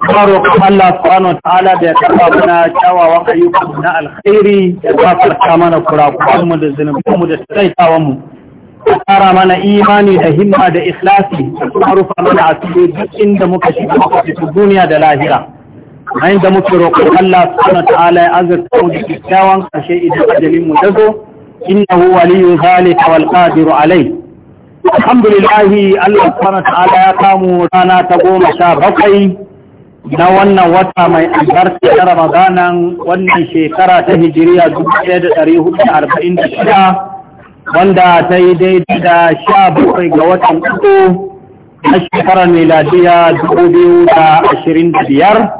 karo kan Allah subhanahu ta'ala da ya karba muna kyawawan ayyukan na alkhairi ya gafarta mana kurakuran mu da zunubin mu da tsaitawan mu ya kara mana imani da himma da ikhlasi da kuma rufa mana asiri duk inda muka shiga muka fito duniya da lahira yayin da muke roƙon Allah subhanahu ta'ala ya azurta mu da kyawawan kashe idan ajalin mu dazo innahu waliyyu zalika wal qadiru alayh alhamdulillah Allah subhanahu ta'ala ya kamu rana ta goma sha bakwai na wannan wata mai albarka na ramadanan wannan shekara ta hijiriya 1446 wanda ta yi daidai da sha bakwai ga watan uku na shekarar miladiya 2025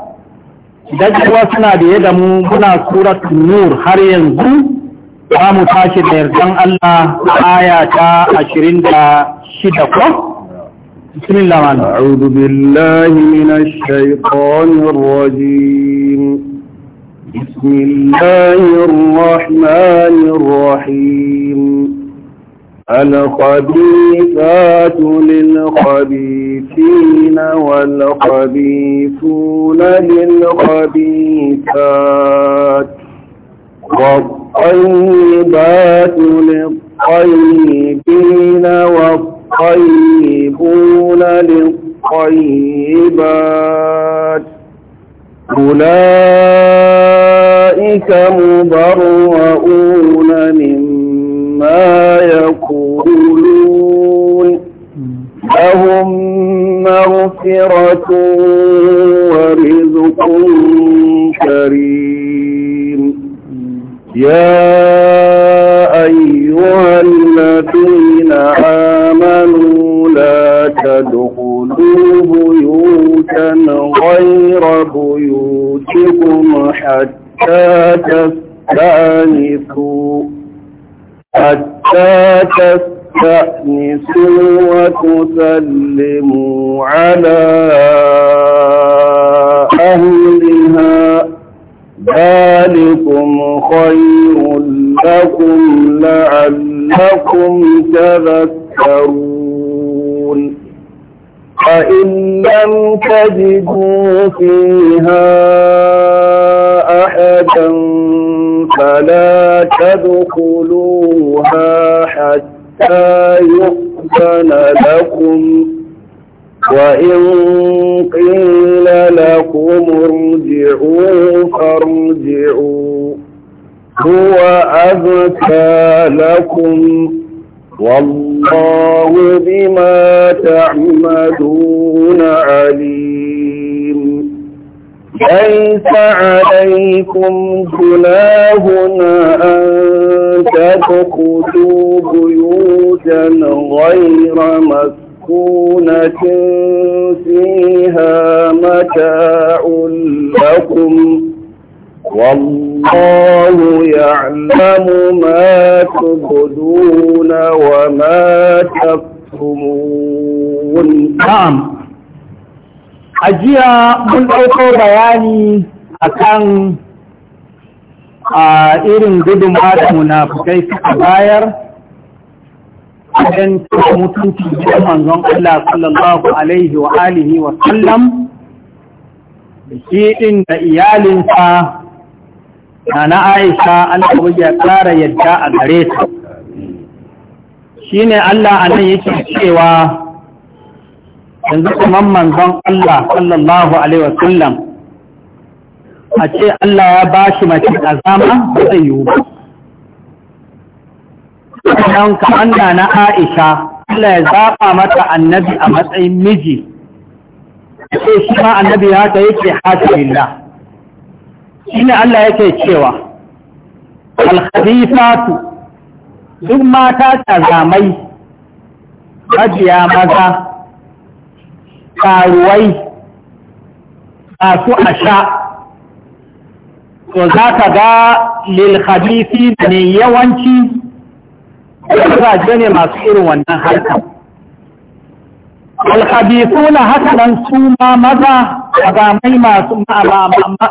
dajewa suna da da mu muna surat nur har yanzu za mu tashi da yardan Allah aya ta 26 ko بسم الله الرحمن الرحيم أعوذ بالله من الشيطان الرجيم بسم الله الرحمن الرحيم الخبيثات للخبيثين والخبيثون للخبيثات والطيبات للطيبين والطيبات الطيبون للطيبات أولئك مبرؤون مما يقولون لهم مغفرة ورزق كريم يا أيها الذين آمنوا لا تدخلوا بيوتا غير بيوتكم حتى تستأنسوا حتى تستأنسوا وتسلموا على أهلها ذلكم خير ربكم لعلكم تذكرون فإن لم تجدوا فيها أحدا فلا تدخلوها حتى يؤذن لكم وإن قيل لكم ارجعوا فارجعوا هو أذكى لكم والله بما تعملون عليم ليس عليكم جناه أن تدخلوا بيوتا غير مسكونة فيها متاع لكم والله يعلم ما تبدون وما تكتمون نعم أجيا من ɗauko bayani akan a irin gudunma da munafukai suka bayar wajen cika mutunci da manzon Allah sallallahu alaihi wa alihi wa sallam shi ɗin da iyalinsa na Aisha Allah ya ƙara yadda a gare ta Shi ne Allah a nan yake cewa yanzu kuma manzon Allah sallallahu alaihi wasallam a ce Allah ya bashi mace azama ba zai yiwu ba don ka Allah na Aisha Allah ya zaɓa mata annabi a matsayin miji sai shi ma annabi ya ta yake hasilillah shine Allah yake cewa alhadisatu duk mata kazamai majiya maza karuwai masu asha to za ka ga lilhadisi ne yawanci da ne masu irin wannan harkar alhabisuna haka su ma maza azamai masu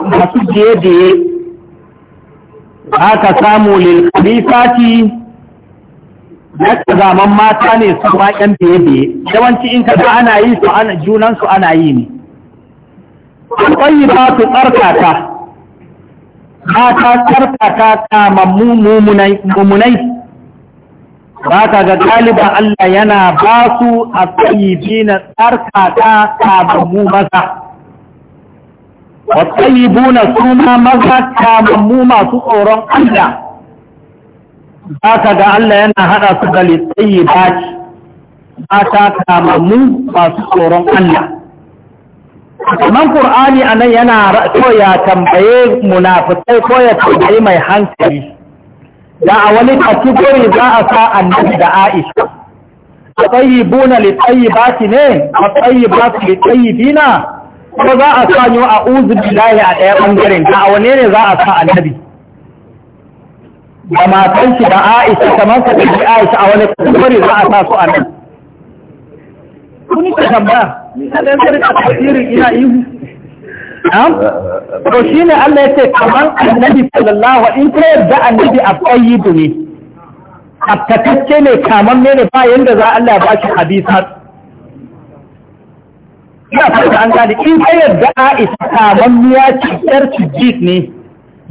masu jeye-jeye ka samu ya ka zaman mata ne su ma ƴan beye yawanci in ka ana yi su ana junansu ana yi ne akwai ba su tsarkaka ta tsarkaka kamar mummunai ba ka ga galiba Allah yana ba su a tsayibi na ta kamammu maza wa tsayibu na suna maza kamammu masu tsoron Allah ba ka ga Allah yana haɗa su da litsayi ba ci ta kamammu masu tsoron Allah Kaman Kur'ani a nan yana ra'ayoya tambaye munafisai ko ya tambaye mai hankali da a wani kategori za a sa annabi da aisha a tsayibuna litsayibati ne a tsayibatu litsayibina ko za a sa yau a uzu bilahi a ɗaya ɓangaren da a wane ne za a sa annabi da matan shi da aisha kamar ka ɗaji aisha a wani kategori za a sa su annabi kuni ka tambaya ni a ɗan sarki a tasirin ina ihu Eh, eh, eh, to shi ne Allah ya ce kamar annabi sallallahu in ka yadda annabi a tsayidu ne tabtatacce ne kamar ne ba yadda za Allah ya bashi hadisa ina fata an gani in ka yadda Aisha kamar miya ce yar ne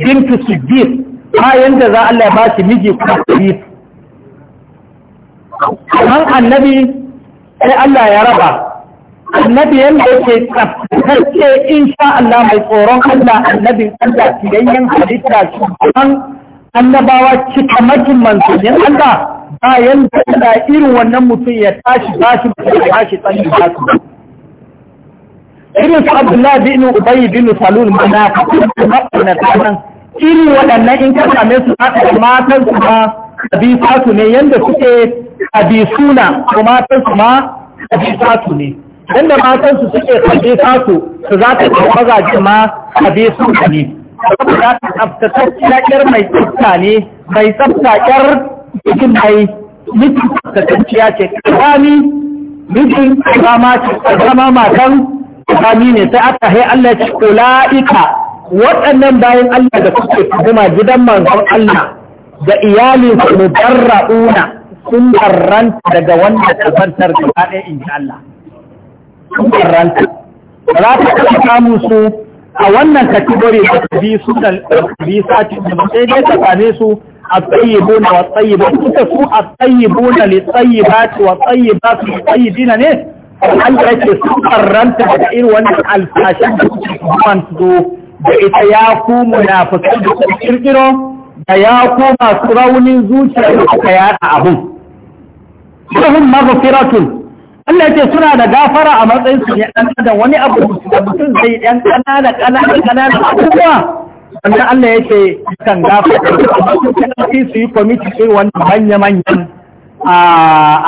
bintu Siddiq ba yadda za Allah ya bashi miji kuma Siddiq kamar annabi sai Allah ya raba annabi da yake tsaftace in sha Allah mai tsoron Allah annabin Allah ganyen halitta kan annabawa cikamakin manzonin Allah bayan da irin wannan mutum ya tashi tashi ya tashi tsani ba su irin su Abdullah bin bin Salul mana ka kuma nan irin waɗannan in ka same su aka matan su ma kabisatu ne yanda suke kabisuna ko matan su ma su ne Yanda matan su suke kaje kasu, su za ta ga mazaje ma kaje su ne za ta mai tsafta ne mai tsafta ƙyar cikin mai mutum tsaftatacciya ce kami mutum kama matan kami ne sai aka hai Allah ce kula'ika waɗannan bayan Allah da kuke kuma gidan manzon Allah da iyalin su mubarra'una sun barranta daga wannan kasantar gaba ɗaya in Allah. ranta ba za ta taɓa samu su a wannan kategori da ta bi su da bi sati da ba sai dai ta same su a tsayibu na wa ba. suka su a tsayibu na li tsayibati wa tsayibatu li tsayibina ne Allah yake su karranta da irin wannan alfashin da suke kuman su da ita ya ku munafikai da suke kirkiro da ya kuma masu raunin zuciya da suka yada abun. Sahun maghfiratun Allah ce suna da gafara a matsayin su ne dan da wani abu da mutum zai yan kanana kanana kanana abubuwa wannan Allah yake kan gafara sai su yi committee sai wani manya manyan a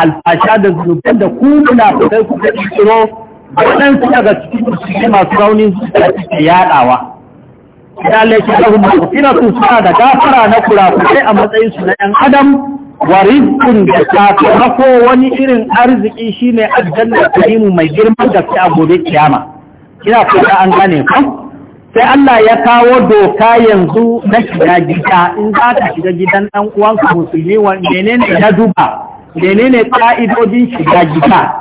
alfasha da zunuban da ku muna fitar ku da tsiro wannan su daga cikin su masu raunin su da suke yadawa ya Allah yake lahum maghfiratun suna da gafara na kurakurai a matsayin su na yan adam wa rizqun da sakamako wani irin arziki shine aljanna karimu mai girman gaske a gobe kiyama ina fata an gane ko sai Allah ya kawo doka yanzu na shiga gida in za ka shiga gidan ɗan uwanka musulmi menene na duba menene ƙa'idodin shiga gida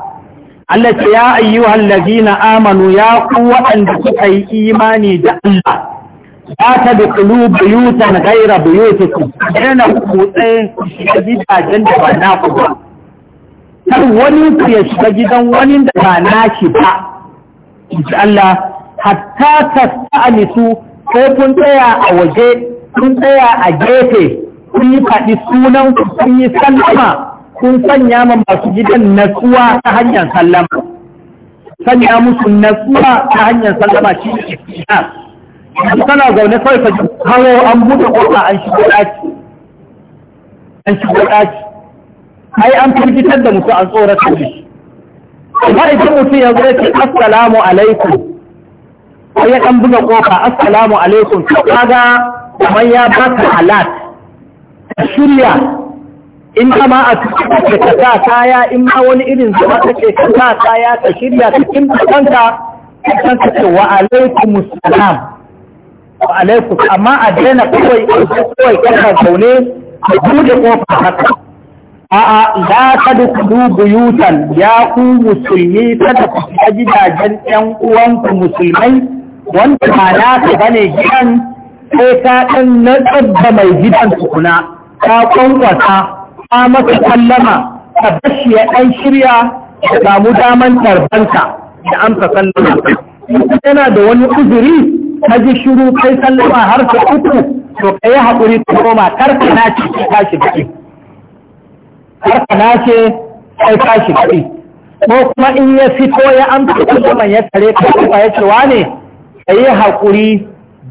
Allah ya ayyuhal ladina amanu ya ku waɗanda kuka yi imani da Allah za ta dukulu buyutan gaira buyutikum yana kutse shiga gidajen da ba na ku ba kar wani ku ya shiga gidan wani da ba na shi ba insha Allah hatta tasta'nisu ko kun tsaya a waje kun tsaya a gefe kun yi faɗi sunan ku kun yi sallama kun sanya ma masu gidan natsuwa ta hanyar sallama sanya musu natsuwa ta hanyar sallama shi ne yanzu kana zaune kawai ka hawo an buɗe ƙofa an shigo ɗaki an shigo ɗaki ai an firgitar da mutum an tsoratar da shi amma idan mutum ya zai ce assalamu alaikum sai ya ɗan buga ƙofa assalamu alaikum Ka kaga kamar ya baka alat ka shirya in kama a cikin ka sa kaya in ma wani irin zama kake ka sa kaya ka shirya ka kinta kanka kanka ce wa alaikum salam alaikum amma a daina kawai kawai kana zaune a buɗe kofar haka a'a la tadkhulu buyutan ya ku musulmi kada ku shiga gidajen ƴan uwanku musulmai wanda ba naka bane gidan sai ka ɗan na da mai gidan tukuna ka kwankwasa ka masa sallama ka bashi ya ɗan shirya ya samu daman tarbanka da amsa sallama yana da wani uzuri ka ji shiru kai sallama har su uku to ka yi haƙuri ka koma kar ka nace sai ka shi gaɗi kar ka nace sai ka ko kuma in ya fito ya amsa sallama ya tare ka kuma ya ce wane ka yi haƙuri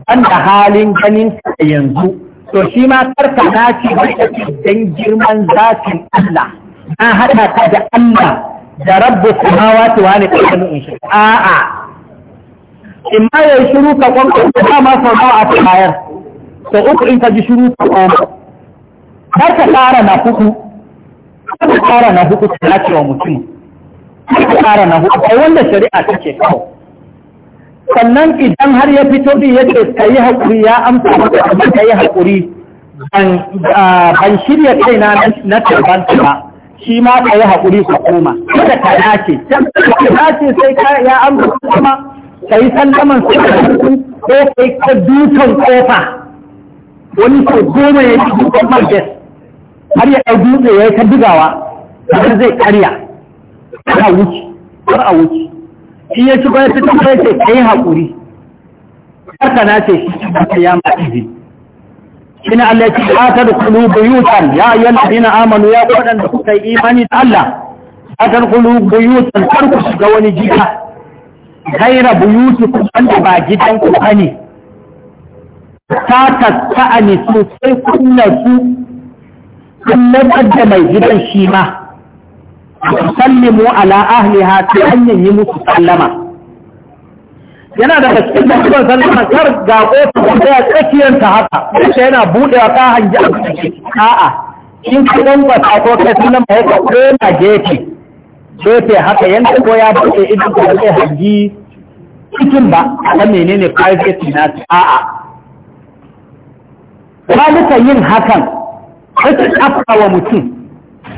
ban da halin ganin ka yanzu to shi ma kar ka nace don girman zafin Allah na haɗa ka da Allah da rabbu kuma wa ne ka in shi a'a in ma ya yi shiru ka kwanko ko ba ma sau a ta bayar sau uku in ka ji shiru ka kwanko har ka ƙara na hudu har ka ƙara na hudu ta dace wa mutum har ka ƙara na hudu kai wanda shari'a ta ce kawo sannan idan har ya fito bi ya ce ka yi haƙuri ya amsa maka amma ka yi haƙuri ban ah, shirya kaina na tarban ba shi ma ka yi haƙuri ka koma kada ka dace can ka dace sai ka ya amsa kuma ka yi sallaman su ko kai ka dukan kofa wani sau goma ya yi dukan marges har ya ɗau dutse ya yi ta dugawa har zai karya har a wuce har a wuce shi ya shigo ya fito ya ce kai yi haƙuri haka na ce shi ta ya ma izi shi Allah ce ya ta da kulu buyutan ya ayyar ina amanu ya waɗanda kuka yi imani da Allah ya ta da kulu buyutan kar ku shiga wani jika gaira buyutikum wanda ba gidan ku bane ta tatta'a ne sosai kunna su kullabar da mai gidan shi ma sallimu ala ahliha ta hanyar yi musu sallama yana da cikin da cikin sallama kar ga kotu da ya tsakiyar ta haka wacce yana buɗewa ta hanji a cikin a'a in ka don ba ta ko kai sallama ya ka kona gefe sai haka yanzu ko ya buɗe idan ka zai hanji cikin ba a ga menene private na a'a zalika yin hakan sai afka wa mutum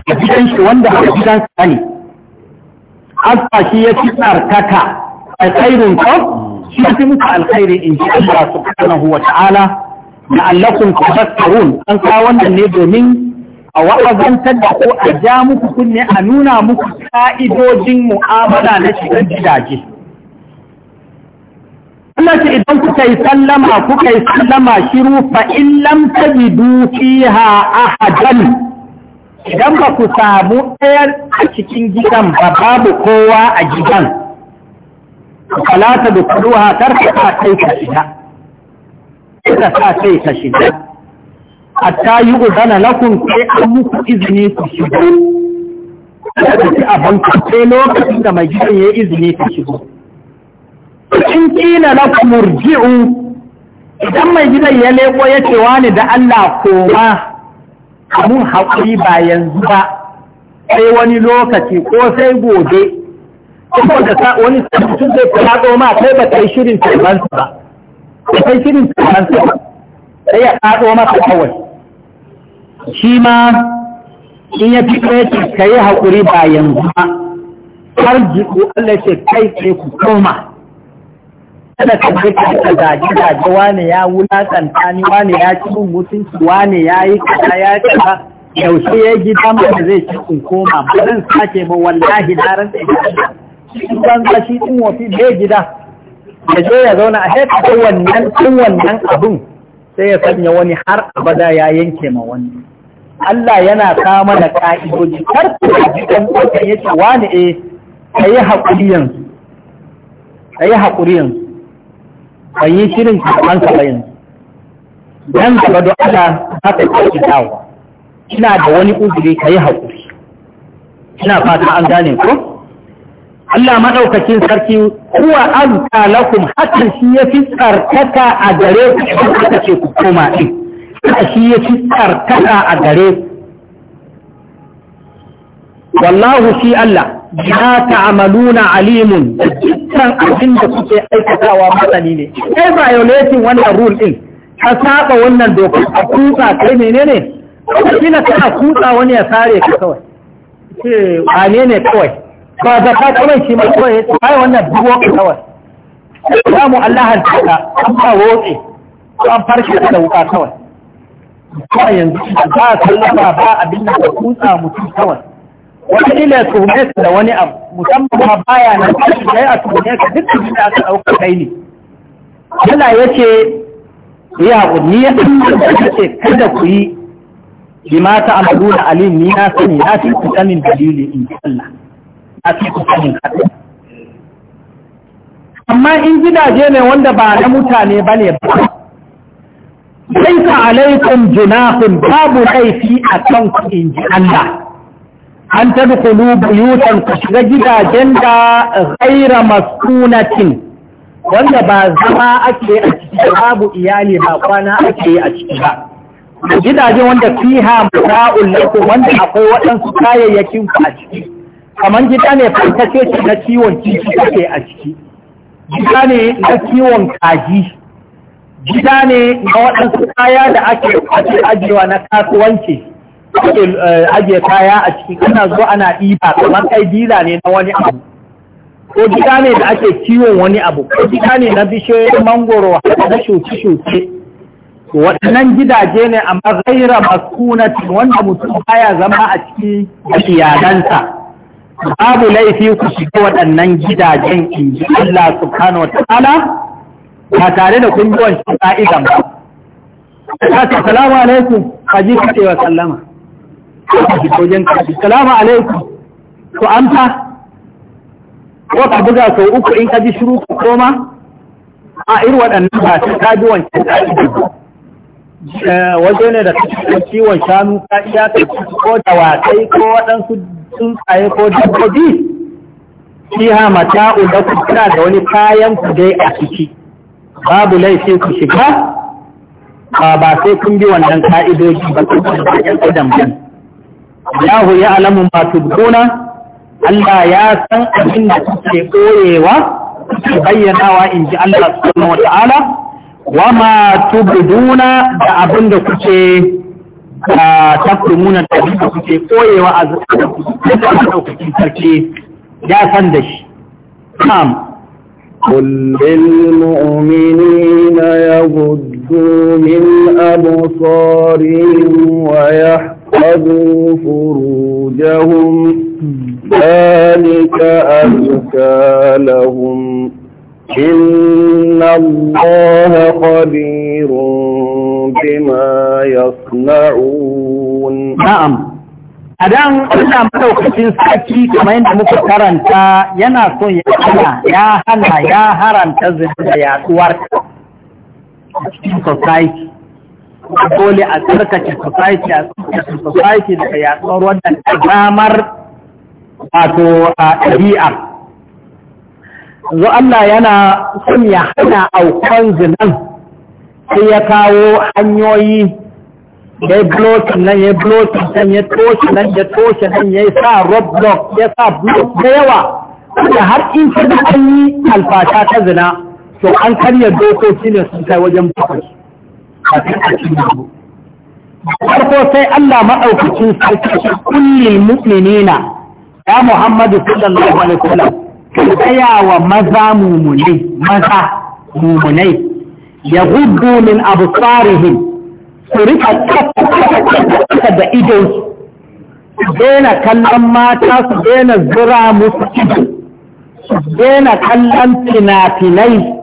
a gidan shi wanda a gidan sa ne azza shi ya ci tsarkaka alkhairin ko shi ya fi muka alkhairi in ji Allah subhanahu wa ta'ala la'allakum tadhakkarun an kawo wannan ne domin a wa'azantar da ko a ja muku kunne a nuna muku ka'idojin mu'amala na shigar gidaje Allah ce idan kuka yi sallama kuka yi sallama shiru fa in lam tajidu fiha ahadan idan ba ku samu ɗaya a cikin gidan ba babu kowa a gidan falata da kuduwa kar ka sa kai ka shiga ka sa kai ka shiga hatta yi udana lakum sai an muku izini ku shigo a ku sai lokacin da mai gidan ya izini ku shigo in na na murji'u idan mai gidan ya leko ya ce wani da Allah koma mun haƙuri ba yanzu ba sai wani lokaci ko sai gobe ko da wani sabbin zai kula ma sai ba kai shirin ba kai shirin tarbansa ba sai ya kado masa kawai shi ma in ya fi kai ka yi haƙuri ba yanzu ba har jiku Allah ce kai sai ku koma kada ka je ka gaji gaji wane ya wulakanta ni wane ya ci mun mutunci wane ya yi kaza ya ci ba yaushe ya gida da zai ci kun koma ba zan sake ba wallahi na ran shi ban ka shi din wofi bai gida ya je ya zauna a haka ko wannan tun wannan abun sai ya sanya wani har abada ya yanke ma wani Allah yana kawo mana ka'idoji kar ku ji dan ya ce wani eh kayi hakuri yanzu kayi hakuri yanzu ban yi shirin karɓar sa ba yanzu dan gaba do Allah haka ka ki dawo ina da wani uzuri kai hakuri ina fata an gane ko Allah madaukakin sarki huwa an lakum hakan shi ya fi tsarkaka a gare ku idan aka ce ku koma din shi ya fi tsarkaka a gare ku wallahu shi Allah ya ta'amaluna alimun jikin abin da kuke aikatawa matsani ne kai violating wannan rule din ka saba wannan dokar a kusa kai menene kina kana kusa wani ya sare ka kawai ce wane ne kawai ba da ka kawai shi mai kawai kai wannan duwo kawai mu Allah hantarka. an ba roƙe an farke da wuka kawai kawai yanzu ba kallafa ba abin da kusa mutum kawai wani ila tuhume da wani abu musamman ma baya na kashi sai a tuhume ka duk abin da aka ɗauka kai ne yana ya ce ya ni ya ce kada ku yi bima ta amadu da alim ni na sani na fi ku sanin dalili in Allah na fi ku sanin haɗu amma in gidaje ne wanda ba na mutane ba ne ba laisa alaikum junahun babu laifi a kan ku in ji Allah an Kulu buyutan ku shiga gidajen da masu maskunatin wanda ba zama ake a ciki babu iyali ba kwana ake a ciki ba gidajen wanda fiha muta'ul lakum wanda akwai waɗansu kayayyakin ku a ciki kamar gida ne fantace ce na kiwon kifi kake a ciki gida ne na kiwon kaji gida ne na waɗansu kaya da ake ajiyewa na kasuwanci Eh, ajiye kaya a ciki ana zo ana ɗiba kamar kai dila ne na wani abu ko gida ne da ake kiwon wani abu ko gida ne na bishiyoyin mangoro na shuke-shuke waɗannan gidaje ne amma gaira masunati wanda mutum baya zama a ciki da iyalansa babu laifi ku shiga waɗannan gidajen in ji Allah subhanahu wataala ba tare da kun yi wancan ka'idan ba. Assalamu alaikum, kaji kace wa sallama. ka shiga wajen salamu alaikum ku amsa ko ka buga sau uku in ka ji shiru ka koma a irin waɗannan ba ta kaji wancan ɗaki eh, waje ne da kake ciwon shanu ka iya ka ko dawakai ko waɗansu tsuntsaye ko dabbobi fiha mata da ku kira da wani kayan ku dai a ciki babu laifi ku shiga ba sai kun bi wannan ka'idoji ba ku da yan adam Allahu ya alamu ma tubduna Allah ya san abin da kuke koyewa kuke bayyanawa in ji Allah subhanahu wata'ala wa ma tubduna da abin da kuke ah, munan da abin da kuke koyewa a da kuke, zakarin sarki ya san da shi. قل للمؤمنين يغدوا من أبصارهم ويحفظوا فاتقوا فروجهم ذلك أزكى لهم إن الله خبير بما يصنعون نعم Adan ina madaukakin sarki kamar yadda muka karanta yana so ya hana ya hana ya haranta zina da yaduwar cikin society dole a tsarkake society a tsarkake society daga tsoro wannan ƙazamar wato a ɗabi'a zo Allah yana son ya hana aukon zinan sai ya kawo hanyoyi ya yi nan ya yi nan ya toshe nan ya toshe nan ya yi sa roadblock ya sa block da yawa da har in ka da an yi alfata ta zina to an karya dokoki ne sun kai wajen bakwai kafin farko sai Allah maɗaukacin sarki shi kullum mu'minina ya Muhammadu sallallahu alaihi wa sallam. tsaya wa maza mumunai maza mumunai ya gudu min absarihim su rika kafa da idon su daina kallon mata su daina zura musu ido su daina kallon fina-finai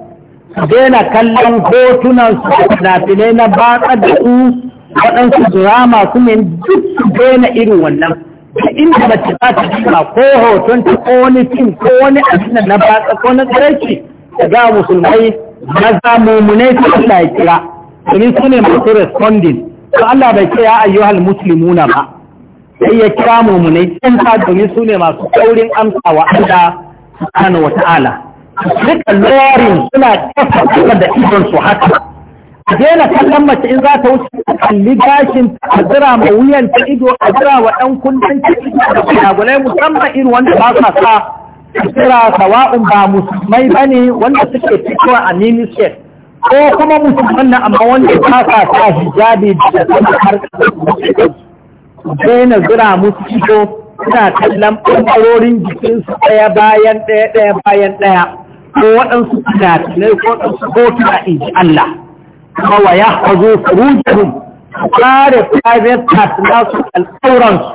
daina kallon hotunan su finafinai na batsar da su waɗansu drama su ne duk su daina irin wannan da inda mace za ta jima ko hoton ta ko wani fim ko wani abinan na batsa ko na tsarki da ga musulmai maza mummunai su Allah ya kira domin su ne masu responding to Allah bai ce ya ayyuhal muslimuna ba sai ya kira mummunai can domin su ne masu amsa wa Allah subhanahu wa ta'ala Duka lorin suna kasa kuma da idon su haka a daina kallon mace in za ta wuce a kalli gashin a jira ma wuyan ta ido a jira wa ɗan kundin ta ido da kunagulai musamman irin wanda ba sa sa kira sawa'un ba musulmai ba ne wanda suke fitowa a minister ko kuma musulman na amma wanda ba sa sa hijabi da sama har daina zira musu ido suna kallon ɓangarorin jikinsu ɗaya bayan ɗaya ɗaya bayan ɗaya ko waɗansu tunatunai ko waɗansu hotuna in ji Allah kuma wa ya hazo furujahum kare private part nasu al'auransu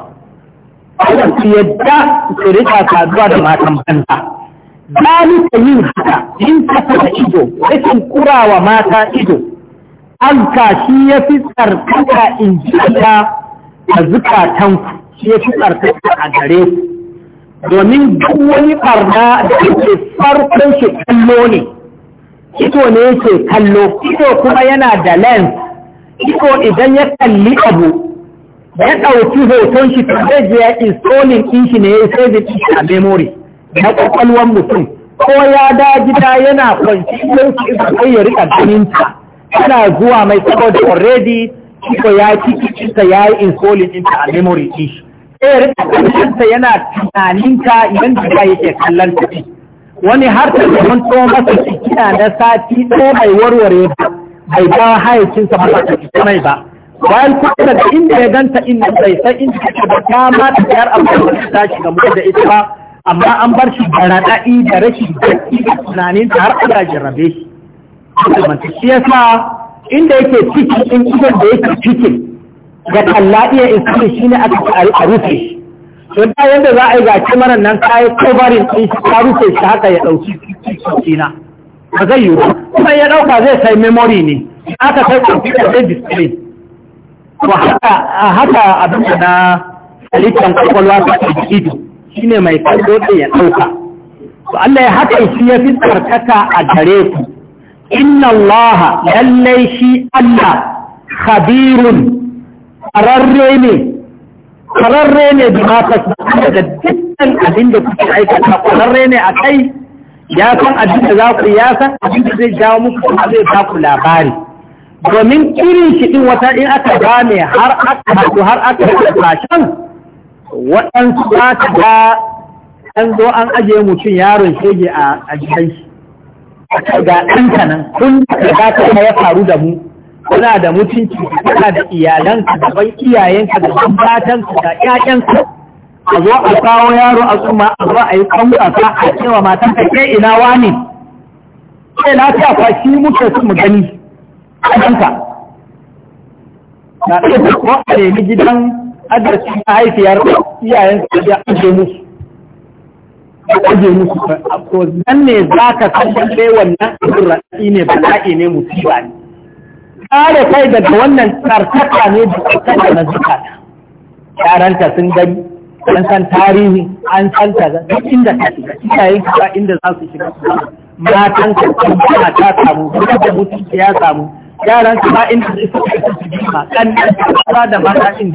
wanda su yadda su rika saduwa da matan banza zalika yin haka in kasa da ido rashin kurawa mata ido an shi ya fi tsarkaka in ji Allah a zukatanku shi ya fi tsarkaka a gare ku domin duk wani ɓarna da ake farkon shi kallo ne ido ne yake kallo ido kuma yana da lens ido idan ya kalli abu ya ɗauki hoton shi ta zai ya installing ɗin shi ne ya sai da ɗin a memory na ƙwaƙwalwan mutum ko ya da gida yana kwanci idan su isa kai ya riƙa ganin ta yana zuwa mai saboda already ido ya ci ta ya yi installing ɗin a memory ɗin shi sai eh, rika kallonta yana tunaninka yadda ka yake kallon ta wani har ta zaman to masa cikina na sati ko mai warware ba bai ba hayacinsa ba ta cikinai ba bayan kuma daga inda ya ganta inda bai sai inda kake da ta ma ta yar abu da ta shiga mu da ita ba amma an bar shi da raɗaɗi da rashin gaski da tunanin ta har ana jarrabe shi. Shi yasa inda yake cikin in da yake cikin ga tallaɗiyar iskari shi ne aka rufe shi don ta yadda za a yi ga kimarar nan ta yi kovarin ɗin shi ta rufe shi haka ya ɗauki cikina ba zai yiwu kuma ya ɗauka zai sai memory ne aka kai kwamfutar zai display to haka abin da na halittar kwakwalwa ta ke ido shi ne mai kallo ɗin ya ɗauka to Allah ya haka shi ya fi tsarkaka a gare ku inna Allah lallai shi Allah khabirun Kararre ne kararre ne da mafas da dukkan abin da kuke aikata kararre ne a kai ya san abin da za ku ya san abin da zai jawo muku kuma zai ba ku labari domin kiri shi ɗin wata in aka ne har aka haɗu har aka haɗu fashen waɗansu za ta ga an zo an ajiye mutum yaron shege a gidan shi ga ɗanka nan kun da ta ya faru da mu Kuna da mutunci kuna da iyalanka da ban iyayenka da ban batanka da ƴaƴanka a zo a kawo yaro a tsuma a zo a yi kwanwasa a cewa matanka ke ina wani ke na ta shi muke su mu gani a ɗanka na ɗaya ko a nemi gidan adalci a haifiyar iyayenka su da musu aje musu ko zan ne za ka san wannan abin raɗi ne bala'i ne ba ne kare kai daga wannan tsarkaka ne da tsarkaka na ta. yaranta sun gani an san tarihi an san ta duk inda ta shiga Kiyaye ka inda za su shiga matan ka kuma ta samu kuma da mutunci ya samu yaran ka ba inda su shiga su jima kan ba da mata in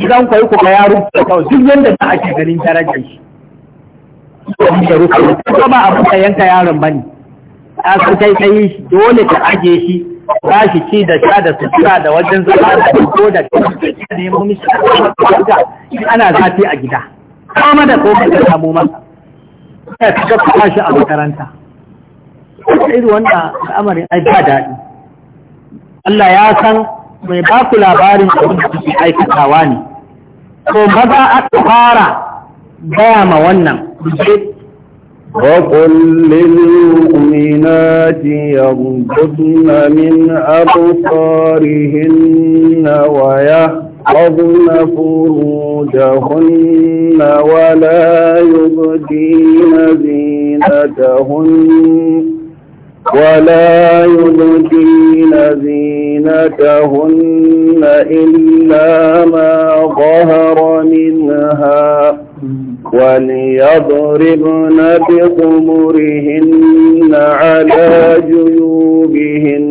gidan ku ku ka yaro ka duk yanda za a ke ganin darajar shi kuma ba abu ka yanka yaron bane a san kai kai dole ka aje shi ba shi ci da sha da sutura da wajen zama da ko da da nemo da ana zafi a gida kama da ko ka samu masa ya ka shi a makaranta wata iri wanda al'amarin ai ba daɗi Allah ya san mai ba ku labarin da da kuke aikatawa ne to maza aka fara gaya ma wannan وقل للمؤمنات يغضبن من أبصارهن ويحفظن فروجهن ولا يبدين زينتهن ولا يبدين زينتهن إلا ما ظهر منها وليضربن بخمرهن على جيوبهن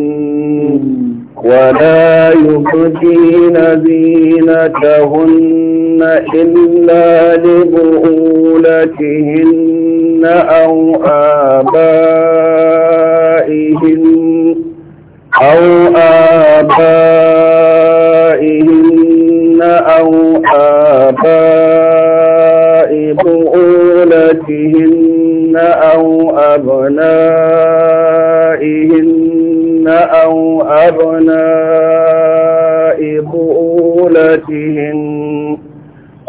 ولا يبدين زينتهن إلا لبؤولتهن أو آبائهن أو آبائهن أو آبائهن بؤولتهن أو أبنائهن أو أبناء بؤولتهن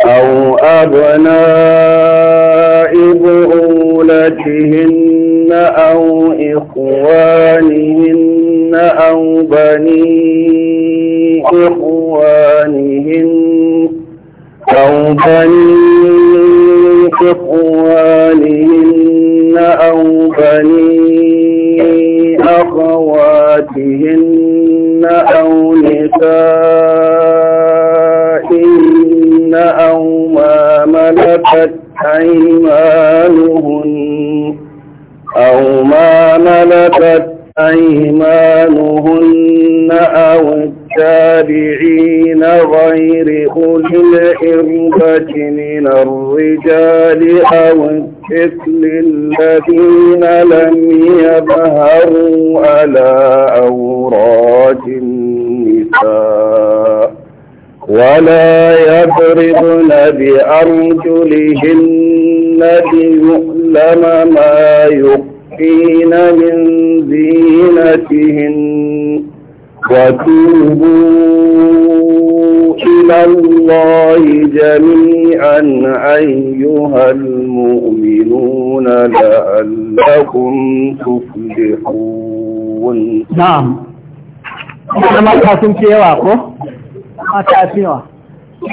أو أبناء بؤولتهن أو إخوانهن أو بني إخوانهن أو بني أموالهن أو بني أخواتهن أو نسائهن أو ما ملكت أيمانهن أو ما ملكت أيمانهن أو التابعين غير أولي الإربة من الرجال أو مثل الذين لم يظهروا على أوراج النساء ولا يضربن بأرجلهن ليؤلم ما يخفين من زينتهن وتوبون إلى الله جميعا أيها المؤمنون لعلكم تفلحون نعم kuma ta sun ce yawa ko? mata fi yawa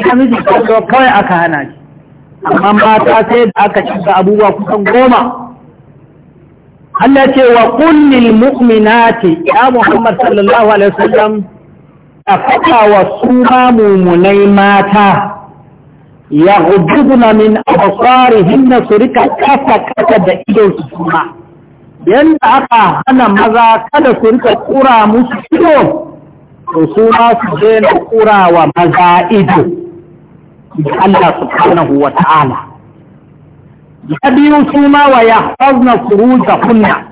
namiji kasuwa kawai aka hana amma mata sai da aka cika abubuwa kusan goma Allah ce wa kullil mu'minati ya Muhammad sallallahu alaihi wasallam a faɗa wa su ma mummunai mata ya na min abasarihin na su rika ƙasa-ƙasa da idon su kuma yadda aka hana maza kada su rika ƙura musu ido to su ma su je na ƙura wa maza ido da Allah subhanahu wa ta'ala na biyu su ma wa ya hazna su da kunna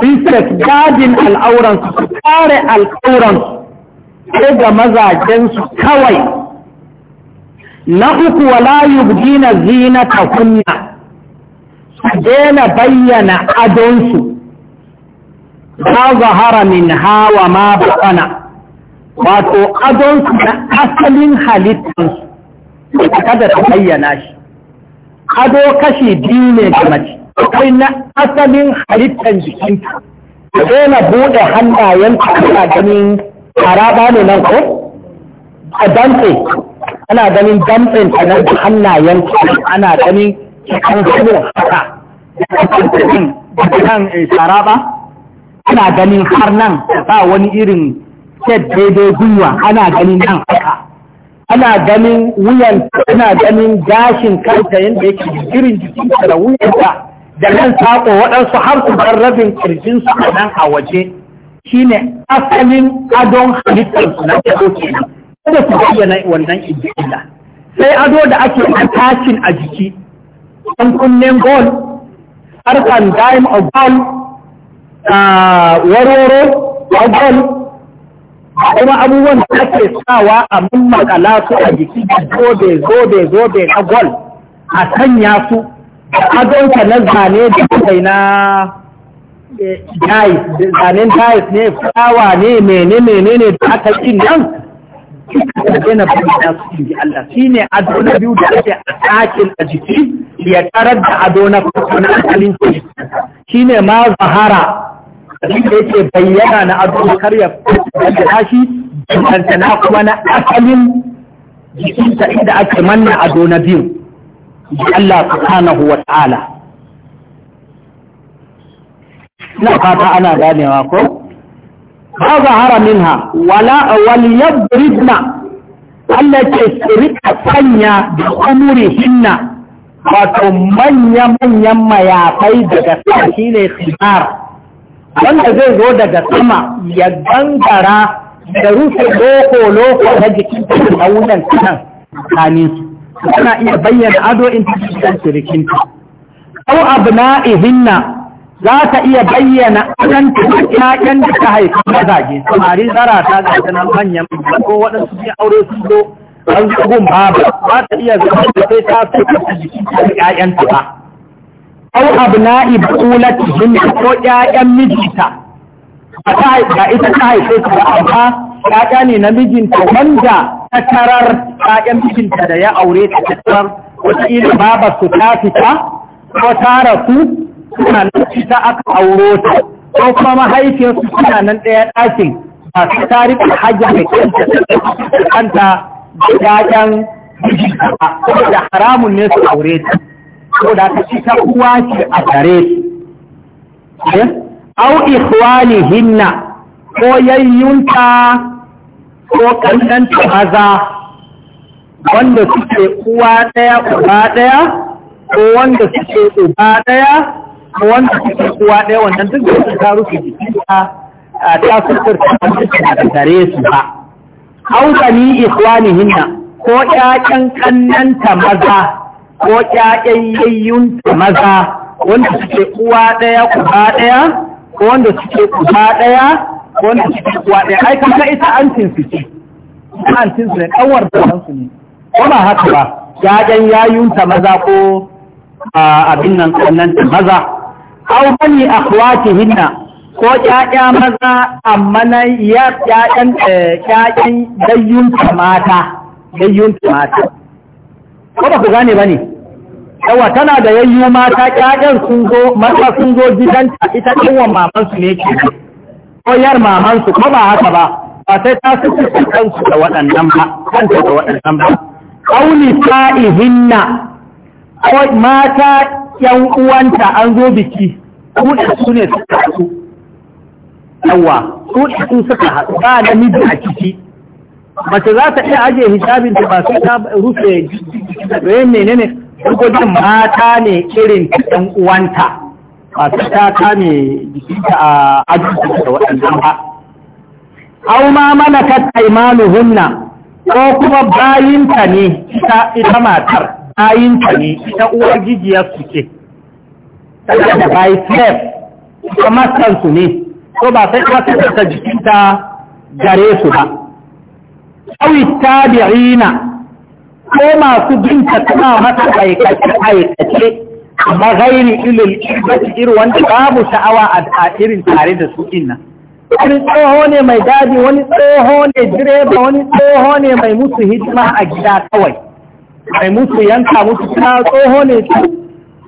su gadin al'auransu su kare al'auransu Ko ga mazajensu kawai na uku wala zina ta kunna su daina bayyana adonsu ba zahara min hawa ma bakana wato adonsu na asalin halittansu kada ta bayyana shi ado kashi biyu ne da mace akwai na asalin halittar jikinta daina buɗe ta ana ganin haraba ne nan ko a damtse ana ganin damtsen ta nan da hannayen ana ganin cikin hannun haka kan sharaba eh, ana ganin har nan ba wani irin set daidai gwiwa ana ganin nan haka ana ganin wuyan ana ganin gashin kanta yadda yake jirin jikinta da wuyanta da nan sako waɗansu har su rabin kirjinsu a nan a waje shine asalin adon halittar su na ado kenan kada su bayyana wannan illa sai ado da ake attachin a jiki an kunnen gol harkan daim of gol warwaro a gol kuma abubuwan da ake sawa a mammakala su a jiki da zobe zobe zobe na gol a sanya su a ka na zane da kai na zanen dais ne fulawa ne mene mene ne da aka yi nan yana bayyana su inji Allah shi ne ado na biyu da ake atakin a jiki ya karar da ado na farko na asalin shi ne ma zahara da yake bayyana na ado kar ya fara shi dantana kuma na asalin jikinta inda ake manna ado na biyu Allah subhanahu wa ta'ala ina fata ana ganewa ko ba zahara minha wala wal yadribna Allah ce su rika sanya da hinna. wato manya-manyan mayafai daga sama shi ne khimar wanda zai zo daga sama ya gangara da rufe loko-loko na jikin cikin aunan kanan tsakanin su iya bayyana ado in cikin shirikinta au abna ihinna za ka iya bayyana ɗan ƴaƴan da ka haifi mazaje samari zara ta ga ta nan manyan ko waɗansu sun aure sun zo an gun babu za ta iya zama da sai ta fi kasa jikin ƴaƴan ta ba au abna'i bukulati jinni ko ƴaƴan mijinta ba ita ta haife su ba amma ƴaƴa ne na mijinta wanda ta tarar ƴaƴan mijinta da ya aure ta tarar wata ila babar su ta fita ko ta rasu suna nan ita aka auro ta ko kuma mahaifiyarsu suna nan ɗaya ɗakin ba su tarihin hajji da kanta kanta da da haramun ne su aure ta ko da ta cika uwa ce a gare su eh? au hinna, ko yayyunta ko ƙanɗanta maza wanda suke uwa ɗaya uba ɗaya ko wanda suke uba ɗaya ko wanda kake kuwa ɗaya wannan duk da ta rufe jikinka ta a ta wanda da tare su ba au bani ikhwanihinna ko ƴaƴan kannanta maza ko ƴaƴan yayyunta maza wanda suke kuwa ɗaya uba ɗaya ko wanda suke kuwa ɗaya ko wanda suke kuwa ɗaya ai kuma ita antin su ce antin su ne kawar da kansu ne ko ba haka ba ƴaƴan yayunta maza ko abin nan kannanta maza aw bani akhwatihinna ko ƴaƴa maza amma na ya ƴaƴan eh, ƴaƴan dayyunta mata dayyunta mata ko ba ku gane bane yawa tana da yayyu mata ƴaƴan sun zo mata sun zo gidanta ita ɗan maman su ne ke ko yar maman su ko ba haka ba ba sai ta su kansu da waɗannan ba kanta da waɗannan ba auni sa'ihinna akwai mata yan uwanta an zo biki su da su ne suka haɗu yawa su da su suka haɗu ba namiji a ciki mace za ta iya ajiye hijabin ta ba su ta rufe bayan ne ne gudun mata ne irin yan uwanta ba su ta ta jikinta a ajiye da waɗannan ba au ma malakat aimanuhunna ko kuma bayinta ne ita matar bayinta ne ita uwar jijiyar su ce tana da bayi sef ita matansu ne ko ba sai ta tattata jikinta gare su ba awi tabi'ina ko masu binta tana mata aikace aikace amma gairi ilil ibati iri wanda babu sha'awa a irin tare da su inna wani tsoho ne mai daji wani tsoho ne direba wani tsoho ne mai musu hidima a gida kawai mai mutu yanka mutu ta tsoho ne ta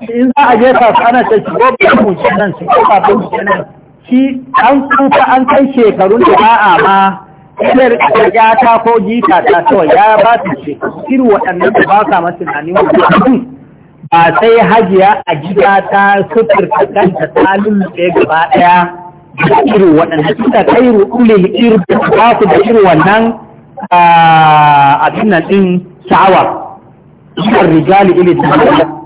in za a jefa su ana ta shi babban mu kenan shi babban mu shi an kuka an kai shekarun da a'a ma kiyar ya ta ko jita ta kawai ya ba su ce, irin waɗannan da ba sa masu tunanin mutum ba sai hajiya a gida ta ta kanta ta lulluɓe gaba ɗaya da irin waɗannan tunda kai ruɗule irin ba su da irin wannan ah, abin nan ɗin sha'awa من الرجال إلى الدنيا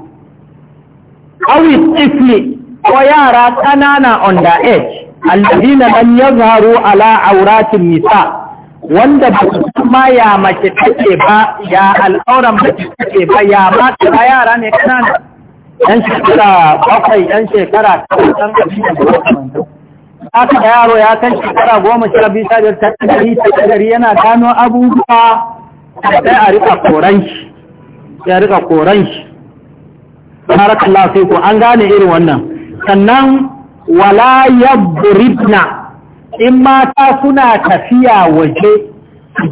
أو الطفل ويارا كنانا on the edge الذين لم يظهروا على عورات النساء wanda ba kuma ya mace take ba ya al'auran ba take ba ya ma ba yara ne kanana yan shekara bakwai yan shekara kan aka da yaro ya kan shekara goma shi biyu sha ta ɗari ta ɗari yana gano abubuwa da a rika koran shi ya rika koran shi barakallahu fiku an gane irin wannan sannan wala yabribna in mata suna tafiya waje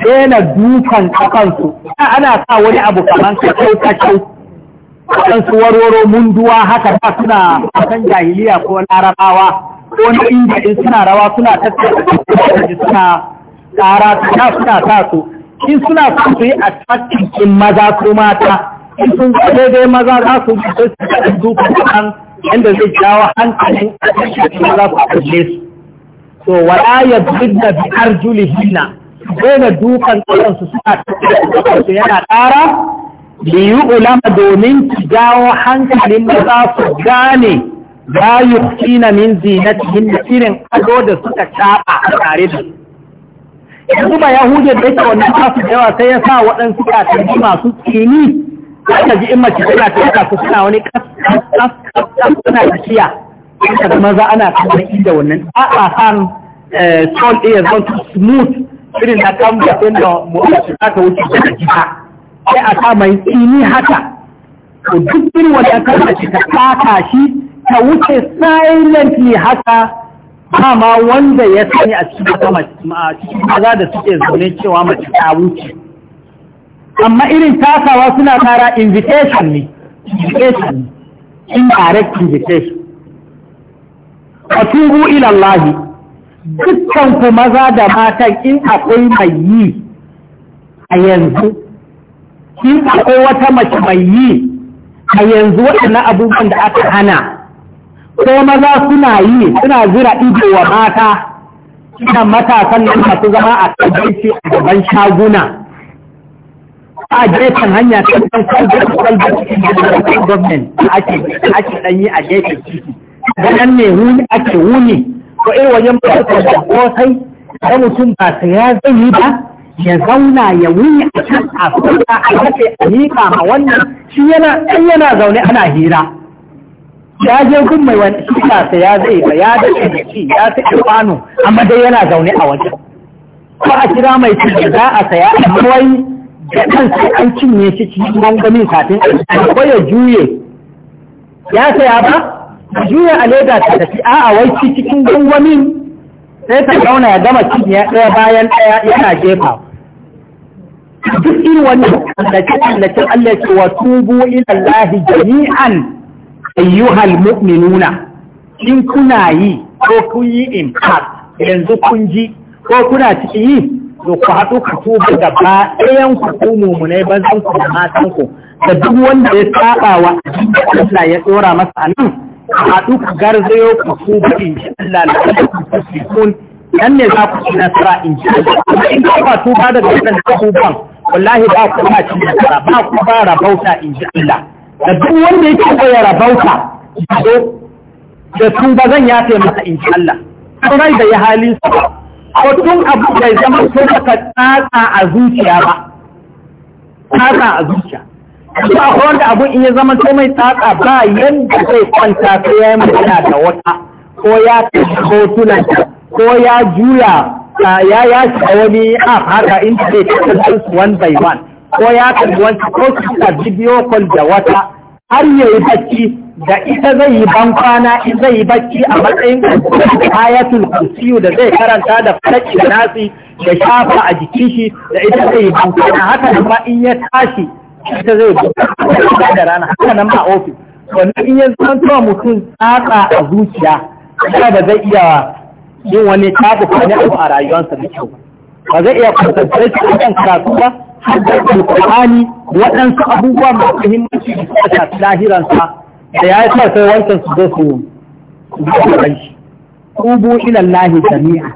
daina dukan kafansu ana sa wani abu kaman kacau kacau kan su warwaro munduwa haka ba suna kan jahiliya ko larabawa ko na inda in suna rawa suna tattara suna ƙara ta suna sa su in suna son su yi a cikin maza ko mata in sun ga dai maza za su yi sai su ga dukkan kan zai jawo hankalin a cikin maza su kalle su to wala yadda bi arjulihinna daina dukan su suna tafiya su yana ƙara yi ulama domin ki jawo hankalin maza su gane za yi min zinatihin da irin ado da suka caɓa a tare da su yanzu ya huje da yake wannan kasu da yawa sai ya sa waɗansu katangi masu tsini aka ji in mace tana tafiya su suna wani kas suna tafiya kaga maza ana kallon inda wannan a'a san eh, sol ɗaya zan to smooth irin na kan da inda mu'amalar ta wuce daga jita sai a sa mai tsini haka to duk irin wannan kalmar ta kaka shi ta wuce silently haka ba ma wanda ya sani a cikin maza da suke zaune cewa mace ta wuce amma irin tasawa suna tara invitation ne invitation ne indirect invitation a tubu ilallahi dukkan ku maza da matan in akwai mai yi a yanzu in akwai wata mace mai yi a yanzu waɗannan abubuwan da aka hana ko maza suna yi suna zira ido wa mata suna matasan nan masu zama a kalbanci a gaban shaguna a gefen hanya ta kan kalbar da cikin gwamnan ake ake dan yi a gefen ciki ganan ne wuni ake huni, ko irin wajen farko da kosai da mutum ba sai ya zai yi ba ya zauna ya wuni a can a kusa a kace a miƙa ma wannan shi yana yana zaune ana hira ya je gun mai wani kasa ya zai ba ya da ci ya ta kwano amma dai yana zaune a wajen ko a kira mai ci za a saya amma wai da sai an cinye shi cikin gwangwamin kafin a ya juye ya saya ba juya a leda ta tafi a wai ci cikin gwangwamin sai ta zauna ya gama cinye ɗaya bayan ɗaya yana jefa duk irin wani tallace-tallacen Allah wa tubu ila Allah jami'an ayyuhal mu'minuna in kuna yi ko kun yi in yanzu kun ji ko kuna ciki yi to ku haɗu ku tuba gaba ɗayan ku ku mummunai bazan ku da matan ku da duk wanda ya saba wa Allah ya tsora masa anan nan ku haɗu ku garzayo ku tuba in ji Allah ku kun nan ne za ku ci nasara in ji Allah in ba tuba daga wannan tuban wallahi ba ku ba ci nasara ba ku ba rabauta in ji Allah da duk wanda yake koya rabauta da tun ba zan yafe masa in Allah rai da ya halin sa ko tun abu da zama sun ka tsatsa a zuciya ba tsatsa a zuciya ko akwai wanda abu in ya zama so mai tsatsa ba yanda zai kwanta ko ya yi magana da wata ko ya ko tunanta ko ya juya ya ya shi wani app haka inda zai tattalin su one by one ko ya karbi wanki ko su ta bidiyo call da wata har ya yi bacci da ita zai yi ban kwana in zai yi bacci a matsayin ayatul kursiyu da zai karanta da faraki da nasi da shafa a jikin shi da ita zai yi ban kwana haka nan ma in ya tashi ita zai yi da rana haka nan ma ofis wannan in ya zanto mutum tsatsa a zuciya kuma da zai iya yin wani tafi wani a rayuwarsa da kyau ba zai iya kwatantar shi kan karatu ba haddar alƙur'ani waɗansu abubuwa masu muhimmanci da suka shafi lahiransa da ya yi sa sai wancan su zo su zuwa shi tubu ila lahi jami'a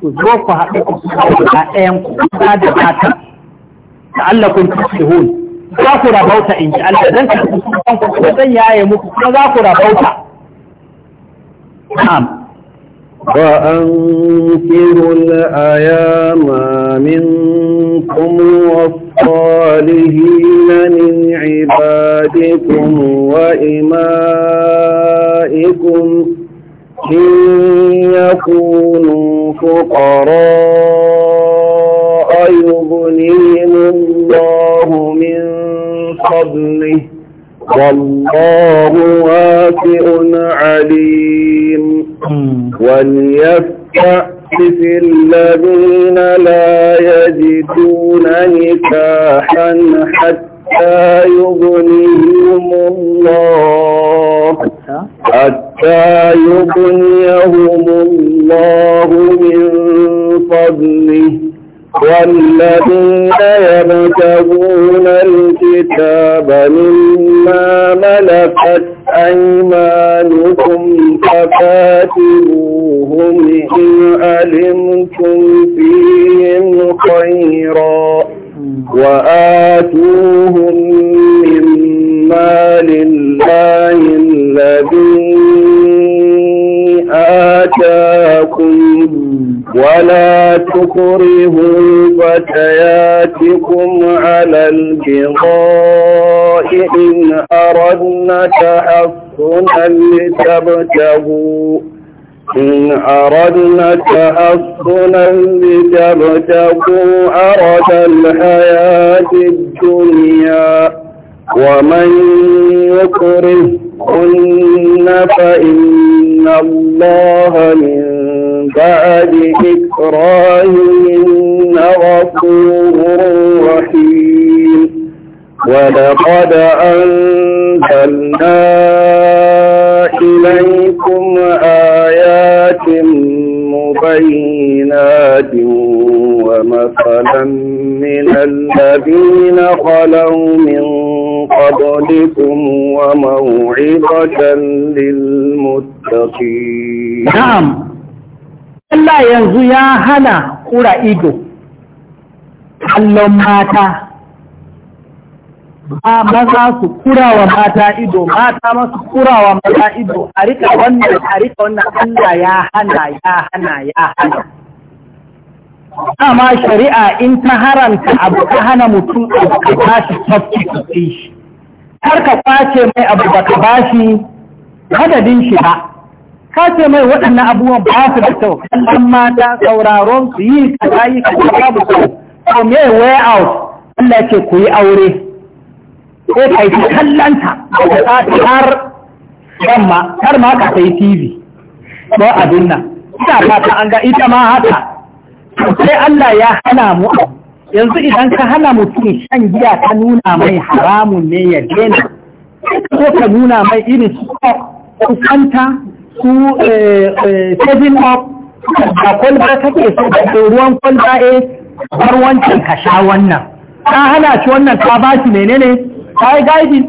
ku zo ku haɗu ku da ɗayan ku ba da ci ta'allakun tusihun za ku rabauta in ji Allah dan ku kuma zan yaye muku kuma za ku rabauta na'am وأنكروا الأيام منكم والصالحين من عبادكم وإمائكم إن يكونوا فقراء يغنيهم الله من فضله والله واسع عليم وليستعفف الذين لا يجدون نكاحا حتى يغنيهم الله حتى يغنيهم الله من فضله والذين يبتغون الكتاب مما ملكت أيمانكم فقاتلوهم إن علمتم فيهم خيرا وآتوهم مما لله الذي آتاكم ولا تكرهوا فتياتكم على البغاء إن أردنا تحصنا لتبتغوا إن أردنا تحصنا لتبتغوا أرض الحياة الدنيا ومن يكرهن فإن الله من بعد إكراههن غفور رحيم ولقد أنزلنا إليكم آيات مبينات ومثلا من الذين خلوا من قبلكم وموعظة للمتقين نعم Allah yanzu ya hana kura ido kallon mata ba maza su wa mata ido mata masu wa mata ido a rika wannan a rika wannan Allah ya hana ya hana ya hana Sama shari'a in ta haramta abu ta hana mutum abu ka shi tafi kuɗi shi har ka kwace mai abu ba ka bashi hadadin shi ba ka ce mai waɗannan abubuwan ba su da kyau kallon mata sauraron su yi kaza yi kaza babu kyau to me way out Allah ce ku yi aure ko ka yi kallanta da ta har yamma har ma ka sai TV ko abin nan ina fata an ga ita ma haka sai Allah ya hana mu yanzu idan ka hana mutum shan giya ka nuna mai haramun ne ya daina ko ka nuna mai irin su kusanta su kevin eh, eh, up da kwalba kake so da ruwan kwalba e eh, har ka sha wannan ka hana shi wannan ka ba shi menene ka yi gaibin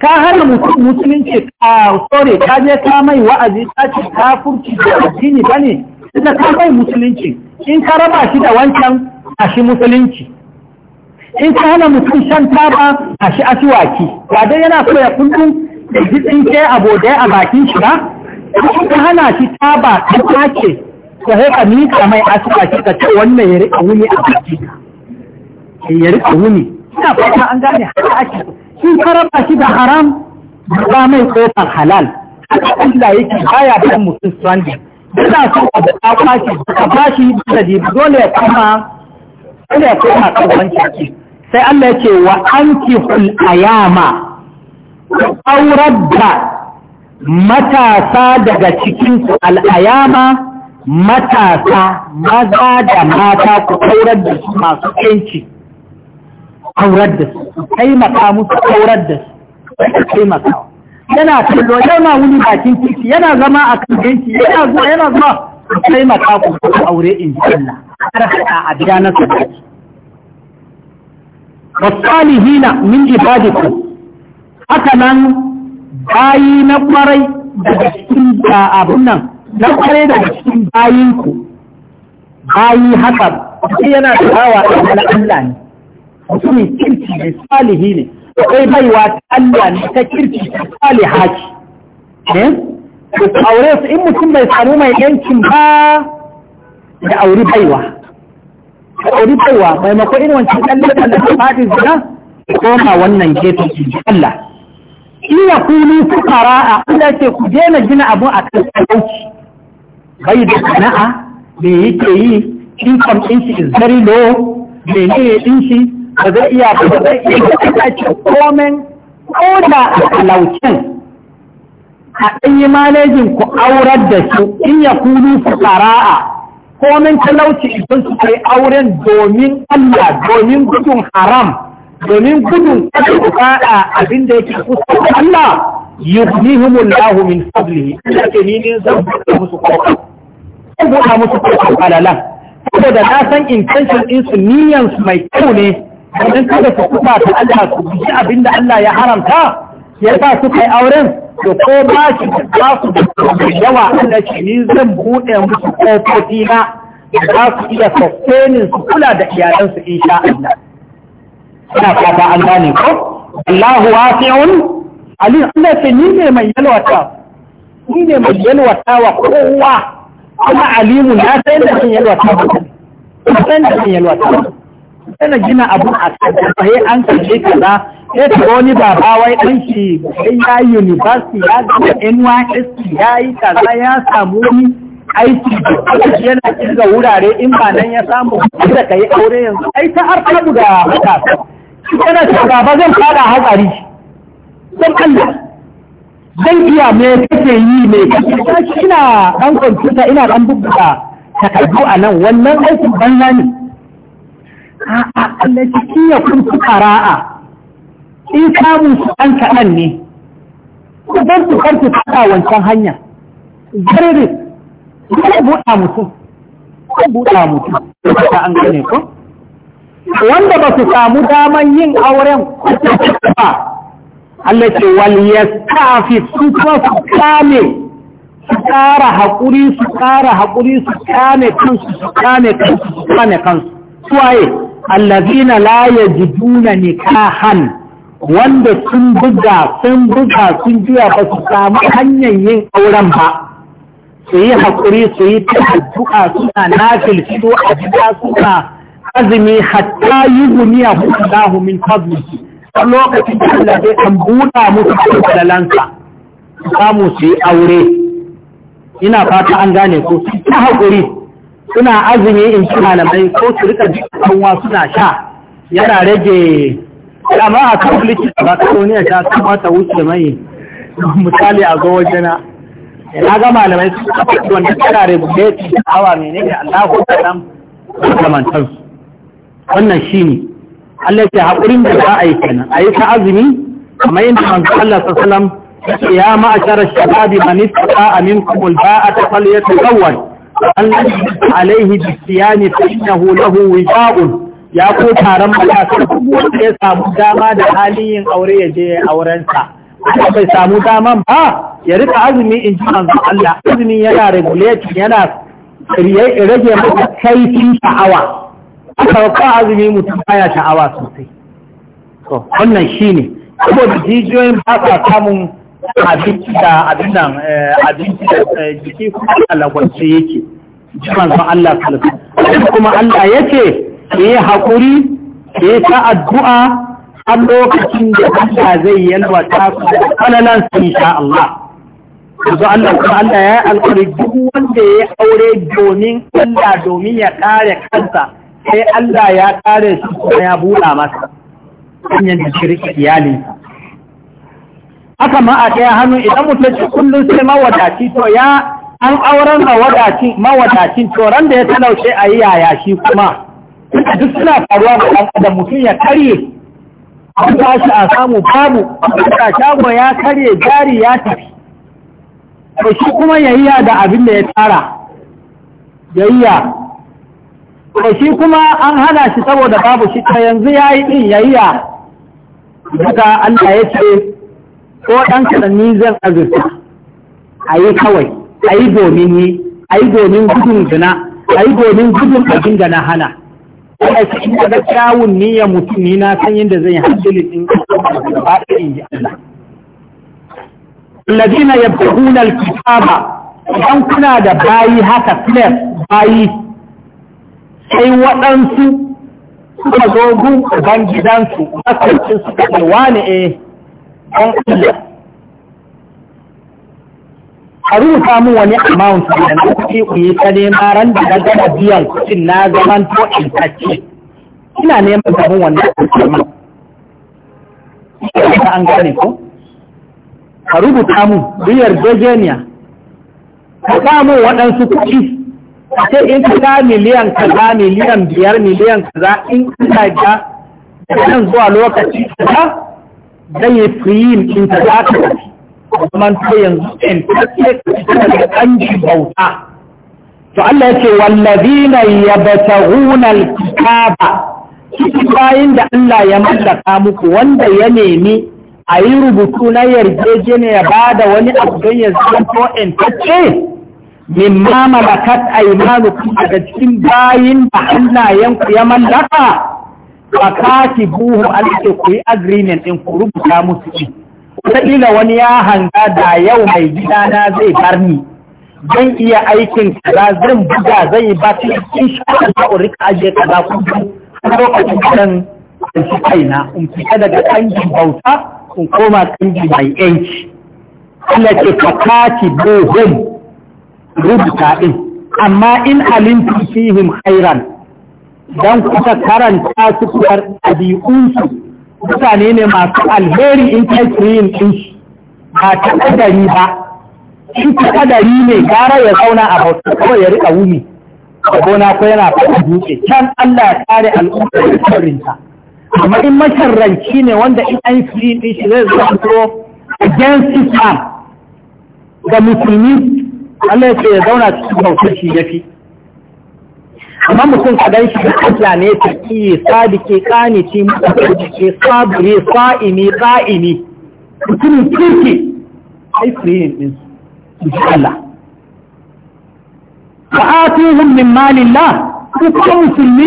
ka hana musulunci a sore ka je ka mai wa'azi ta ce ka furci da addini ba ne da ka mai musulunci in ka raba shi da wancan a shi musulunci in ka hana mutum shan taba a shi asiwaki wadai yana so ya kundin da jitsin ke abodai a bakin shi ba ta hana shi taba ta take ta haika mika mai asuba shi ka ce wannan ya rika wuni a baki ka eh, ya rika wuni ina fata an gane haka ake Shin karaba shi da haram ba mai kofar halal haka Allah yake baya da mutum stranded yana so a da kafa shi ka bashi da dole ya kama dole ya koma kan wancan sai Allah ya ce wa ankihul ayama aurar da matasa daga cikin al'ayama matasa maza da mata ku aurar da su masu yanci aurar da su taimaka musu aurar da su taimaka yana kallo yana wuni bakin titi yana zama a kan yanki yana zuwa yana zuwa ku taimaka ku aure in ji Allah har haɗa a gida na sadaki wasalihina min ibadikum haka nan bayi na kwarai daga cikin abun nan na kwarai daga cikin bayinku bayi haka shi yana da hawa da Allah ne mutumin kirki mai salihi ne akwai baiwa ta Allah ne ta kirki ta saliha ce ne eh? ku aure su in mutum bai samu mai yankin ba da auri baiwa da auri baiwa maimakon irin wancan kalle kalle ta fadi zina koma wannan gefe Allah iya kuni fukara a Allah ce ku daina gina abu a kan talauci bai da sana'a me yake yi income din shi is very low me ne ya ɗinshi ba zai iya ba zai iya ba ce komen ko da a talaucin a ɗan yi malejin ku aurar da su in ya kuni fukara a komen talauci idan su kai auren domin Allah domin gudun haram domin gudun kada ku fada abin da yake kusa da Allah yughnihum min fadlihi ina ce ni ne zan buɗe musu kofa zan buɗe musu kofa alalan saboda na san intention din su niyan su mai kyau ne domin kada su kusa ta Allah su bi abin da Allah ya haramta ya sa su kai auren da ko ba shi za su da yawa Allah ce ni zan buɗe musu kofofi na za su iya sustaining su kula da iyalansu insha Allah ina fata an gane ko Allahu wasi'un alim Allah ce ni ne mai yalwata ni ne mai yalwata wa kowa kuma alimu na sai da sun yalwata ba san da sun yalwata ba sai gina abu a kan sai an ka kaza sai ta wani baba wai ɗan shi ya yi university ya gama NYSC ya yi kaza ya samu ni aiki yana kirga wurare in ba nan ya samu da ka yi aure yanzu ai ta har da matasa yana cewa ba zan fada hatsari don Allah zan iya me kake yi me kake ina dan kwamfuta ina dan Ta takardu a nan wannan aikin banza ne a'a Allah shi ya kun fukara'a in kamu su an kaɗan ne zan su karfi faɗa wancan hanya zarare zan buɗa mutum Zan buɗa mutum da an gane ko wanda ba su samu daman yin auren ba Allah ce wal yastafi su kuma su kame su kara haƙuri su kara haƙuri su kame kansu su kame kansu su kame kansu suwaye allazina la ka nikahan wanda sun buga sun buga sun jiya ba su samu hanyar yin auren ba su yi haƙuri su yi ta addu'a suna nafil fito a gida suna azumi hatta yi guniya hukuntahu min fadli a lokacin da Allah zai an buɗa musu kalalansa samu su yi aure ina fata an gane ko su ta haƙuri suna azumi in ci malamai ko su rika jikin suna sha yana rage amma a kafilici ba ta wani ya sha su mata wuce mai misali a zo wajena na ga malamai su kafa wanda tana rage da ya ci ne menene Allahu ta'ala kamantarsu wannan shine Allah ya haƙurin da za a yi kenan a yi ta azumi kamar inda manzo Allah sallallahu alaihi wasallam يا معشر الشباب من استطاع منكم الباءة فليتزوج الذي عليه بالصيام فإنه له وجاء يا ku taron matasan wanda ya samu dama da halin yin aure ya je aurensa wanda bai samu daman ba ya rika azumi in ji manzo Allah azumi yana regulate yana rage maka kaifin sha'awa aka ba azumi mutum baya sha'awa sosai to wannan shine saboda jijiyoyin ba sa samun abinci da abin nan eh, abinci da eh, jiki kuma alagwance yake jiran san Allah sallallahu kuma Allah yace yi hakuri yi ta addu'a har lokacin da Allah zai yalwata su da kalalan sun sha Allah yanzu Allah kuma Allah ya yi alƙari duk wanda ya aure domin Allah domin ya ƙare kansa sai Allah ya kare shi kuma ya buɗa masa hanyar da rike iyalinsa haka ma a ɗaya hannu idan mutum ci kullum sai mawadaci to ya an auren mawadacin to ran da ya talauce a yi yaya shi kuma duk suna faruwa ga ɗan adam mutum ya karye an ba shi a samu babu a shago ya karye jari ya tafi to shi kuma ya yi da abin da ya tara yayya da shi kuma an hana shi saboda babu shi ta yanzu ya yi ɗin yayya daga Allah ya ce ko ɗan kaɗanni zan azurta a yi kawai a yi domin yi a yi domin gudun gina a yi domin gudun abin da na hana Allah shi in daga kyawun niyyar mutum ni na san yadda zan yi hajjilin ɗin gaba ɗaya in ji Allah. Allazina yabtaguna al-kitaba idan kuna da bayi haka flex bayi sai waɗansu suka zo gun ban gidansu makarcin su ka ce wani eh an Allah a rubuta mu wani amount da na kuke ku ta nema ran da na gana biyan kucin na zaman to in tace ina neman da wani wannan kucin ma an gane ko a rubuta mu biyar yarjejeniya ka samu waɗansu kuɗi a ce in ka miliyan kaza miliyan biyar miliyan kaza in ka ga nan zuwa lokaci kaza zai yi fiyin in ka za ka tafi kuma to yanzu in ta ce ka da kanji bauta to Allah ya ce wallazina yabtaghuna alkitaba Kiki bayin da Allah ya mallaka muku wanda ya nemi a yi rubutu na yarjejeniya ba bada wani abu don ya zanto in ta ce mimma malakat aymanukum daga cikin bayin da hannayenku ya mallaka fa buhu alke ku yi agreement din ku rubuta musu din wataƙila wani ya hanga da yau mai gidana zai bar ni zan iya aikin kaza zan buga zan yi baki cikin sha Allah rika aje kaza ku lokacin kan in ci kaina in fita daga kangin bauta in koma kangi mai yanci Allah ke fakati buhum rubuta ɗin amma in alimtu fihim khairan dan kusa karanta su kuwar ɗabi'unsu mutane ne masu alheri in kai in ɗinsu ba ta ƙadari ba in ta ƙadari ne gara ya zauna a bauta kawai ya riƙa wumi? a gona ko yana faɗa dutse can Allah ya kare al'umma da sharrinta amma in masharranci ne wanda in an kirin ɗin shi zai zama against Islam da musulmi Allah ya ce ya zauna cikin bautar ya fi amma mutum ka gan shi da Allah ne ta sadi ke ki ce kanici ke sabure sa'imi qa'imi mutumin kirki ai firin din su ji Allah Ka fa hun min malin la, ku kuma musulmi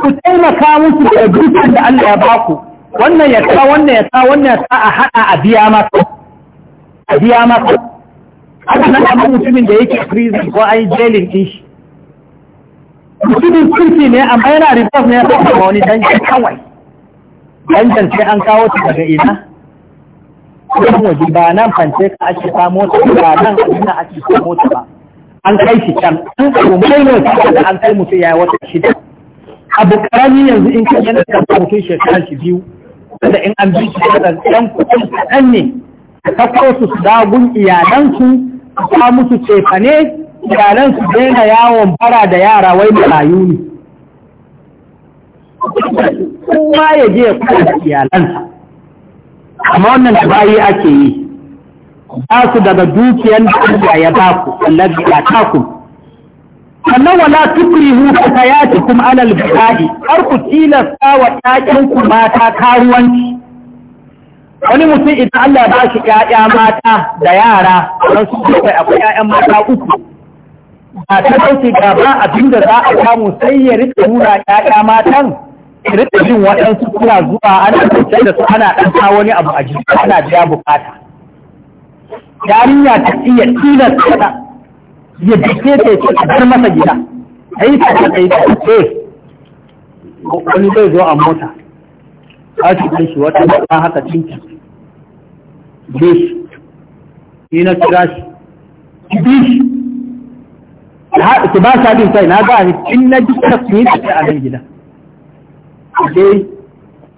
ku taimaka musu da dukkan da Allah ya baku wannan ya sa wannan ya sa wannan ya sa a haɗa a biya maka a biya maka ana nan abin mutumin da yake prison ko an yi jelin din shi mutumin kirki ne amma yana report ne ya kama wani danjan kawai danjan sai an kawo ta daga ina kuma waje ba nan fance ka ake samo ta ba nan ina ake samo ta ba an kai shi can an kawo mai ne da an kai mutum ya wata shida abu karami yanzu in ka yana da mutum shekara shi biyu Kada in an bi shi da ɗan kuɗin kaɗan ne ta kawo su dagun iyalansu kuma musu cefane yaran su daina yawon bara da yara wai marayu ne kuma ya je kuma iyalansa amma wannan da bayi ake yi ba su daga dukiyar da Allah ya ba ku allazi ya ta ku sannan wala tukrihu kuma alal bida'i har ku tilasta wa ku mata karuwanci wani mutum idan Allah ba shi ƴaƴa mata da yara don su kai akwai 'ya'yan mata uku ba ta dauke ga ba abin da za a samu sai ya rika nuna ƙyaya matan ya rika jin waɗansu suna zuwa ana kwanciyar da su ana ɗan sa wani abu a jiki ana biya bukata yarinya ta iya tilasta ta ya jike ta ce a bar masa gida a yi ta ta yi ta ce wani zai zo a mota a cikin shi wata ba haka cikin bish ina kira shi bish ki ba sa bin sai na ga ni in na ji tasmin ta a nan gida dai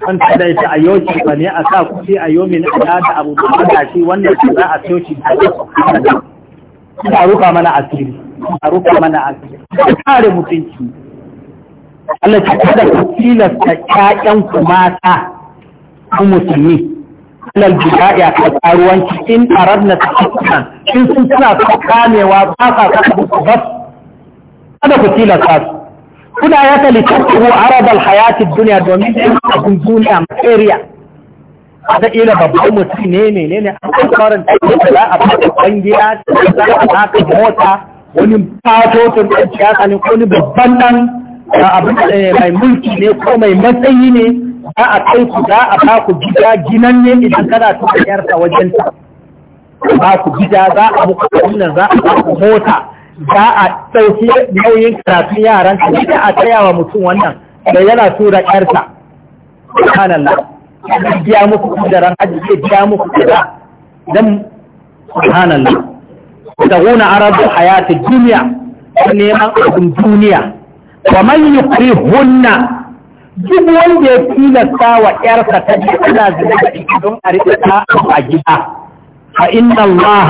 an tada ita a yau ba ne a sa kuɗi a yau min ala da abu da shi wannan za a sayo shi a rufa mana asiri a rufa mana asiri ta kare mutunci Allah ta kada ku tilasta ƴaƴan ku mata ku musulmi alal bida'i a kan karuwanci in tarar na tafiya in sun suna su kamewa ba sa sa abu ba kada ku tilasta su kuna ya talitattu arabal hayatin duniya domin yin abin duniya materiya da ila babban mutum ne ne ne an kawarin da za a fata bangiya da za a haka mota wani fatotun da ya ne wani babban ɗan eh, abin eh, mai mulki ne ko mai matsayi ne za a kai ku za a ba ku gida ginan ne idan kana tuka yarsa wajen ta ba ku gida za a muku wannan za a baku mota za a ɗauki nauyin karatun yaran ka gida a taya wa mutum wannan da yana tura yarsa subhanallah zai biya muku kudaran haji zai biya muku kuda dan subhanallah da gona arabu hayati duniya neman abin duniya wa man yukrihunna duk wanda ya tilasta wa ‘yarsa ta ji ana zina da ita don a ta a gida fa inna Allah